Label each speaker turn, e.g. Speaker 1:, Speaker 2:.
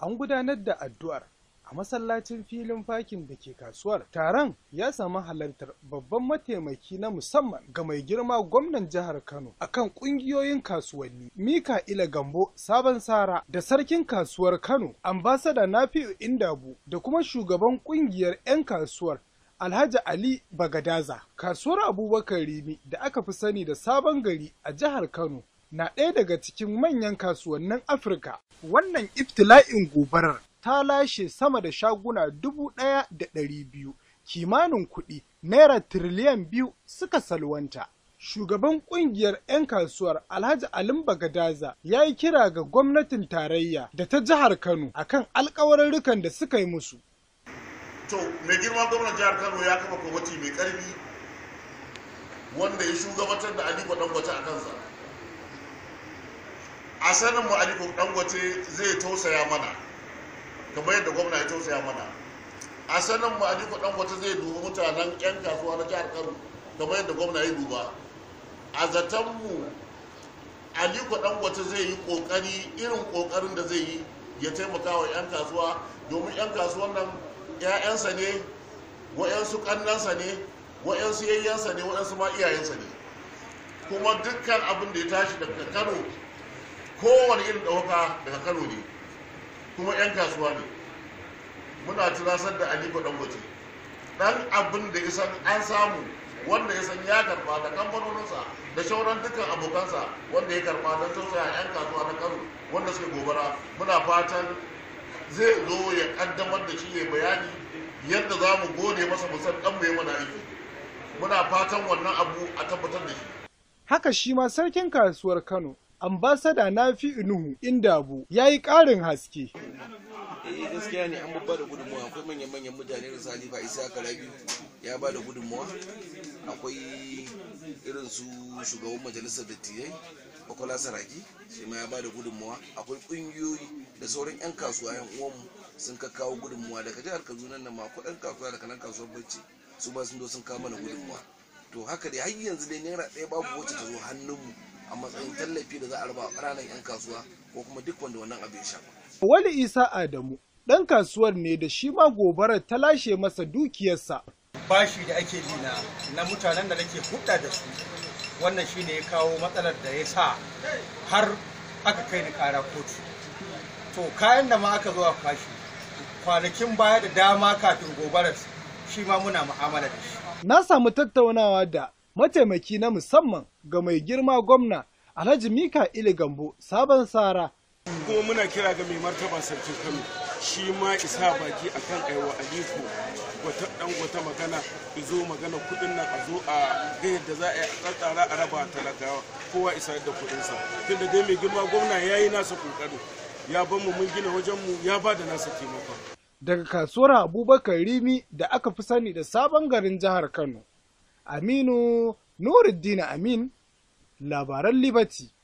Speaker 1: An gudanar da addu'ar a masallacin filin fakin da ke kasuwar. Taron ya samu halartar babban mataimaki na musamman ga mai girma gwamnan jihar Kano akan kungiyoyin kasuwanni Mika Ila Gambo Sabon Sara da sarkin kasuwar Kano ambasada Nafi'u Indabu da kuma shugaban kungiyar 'yan kasuwar Alhaji Ali Bagadaza. Kasuwar Abubakar Rimi da aka fi sani da Sabon Gari a jihar Kano na ɗaya daga cikin manyan kasuwannin Afirka. Wannan iftila'in gobarar ta lashe sama da shaguna dubu ɗaya da ɗari biyu, kimanin kuɗi naira tiriliyan biyu suka salwanta. Shugaban ƙungiyar 'yan kasuwar Alhaji Alim Bagadaza ya yi kira ga gwamnatin tarayya da ta jihar Kano akan alkawarurrukan da suka yi musu.
Speaker 2: To, mai girman gwamnan jihar Kano ya kafa kwamiti mai ƙarfi wanda ya shugabatar da Aliko Dangote a kansa. a sanin mu aliko dangote zai tausaya mana kamar yadda gwamna ya tausaya mana a sanin mu aliko dangote zai duba mutanen yan kasuwa na jihar kano kamar yadda gwamna ya duba a zaton mu aliko dangote zai yi kokari irin kokarin da zai yi ya taimaka wa yan kasuwa domin yan kasuwan nan 'ya'yansa ne wa'yansu kannansa ne wa'yansu yayyansa ne wa'yansu ma iyayensa ne kuma dukkan abin da ya tashi daga kano kowane irin ɗauka daga kano ne kuma 'yan kasuwa ne muna tunasar da aliko dangote Ɗan abin da ya san an samu wanda ya san ya karba da kamfanoninsa da shauran dukkan abokansa wanda ya karba don tausaya 'yan kasuwa na kano wanda suke gobara muna fatan zai zo ya kaddamar da shi ya bayani yadda za mu gode masa musan ɗan mai mana aiki muna fatan wannan abu a tabbatar da shi
Speaker 1: haka shi ma sarkin kasuwar kano ambasada na fi inuhu bu. ya yi ƙarin haske.
Speaker 3: eh gaskiya ne an babba da gudunmuwa akwai manyan-manyan mutane da salifa isa karabi ya ba da gudunmuwa akwai irin su shugaban majalisar dattijai bakwala saraki shi ma ya ba da gudunmuwa akwai ƙungiyoyi da sauran 'yan kasuwa 'yan uwanmu sun ka kawo gudunmuwa daga jihar kaduna nan ma kuɗin kasuwa daga nan kasuwar bacci su ba sun zo sun kawo mana gudunmuwa to haka dai har yanzu dai naira ɗaya babu wacce ta zo hannunmu a matsayin tallafi da za a raba ƙananan 'yan kasuwa ko kuma duk wanda wannan abin ya shafa.
Speaker 1: Wali Isa Adamu ɗan kasuwar ne da shi ma gobarar ta lashe masa dukiyarsa. Bashi da ake bina na mutanen da nake hudda da su wannan shi ne ya kawo matsalar da ya sa har aka kai ni kara kotu. To kayan da ma aka zo a fashi kwanakin baya da dama kafin gobarar shi ma muna mu'amala da shi. Na samu tattaunawa da mataimaki na musamman ga mai girma gwamna Alhaji Mika'il Gambo sabon Sara.
Speaker 3: Kuma muna kira ga mai martaba sarkin Kano shi ma isa baki akan aiwa Aliko wata dan wata magana zo magana kudin nan a zo a ga yadda za a yi a raba talakawa kowa isa da kudinsa tunda dai mai girma gwamna ya yi nasa kokari ya ban mu mun gina wajen ya ba da nasa taimako.
Speaker 1: Daga kasuwar Abubakar Rimi da aka fi sani da sabon garin jihar Kano. Aminu Nuruddin Amin, labaran Liberty.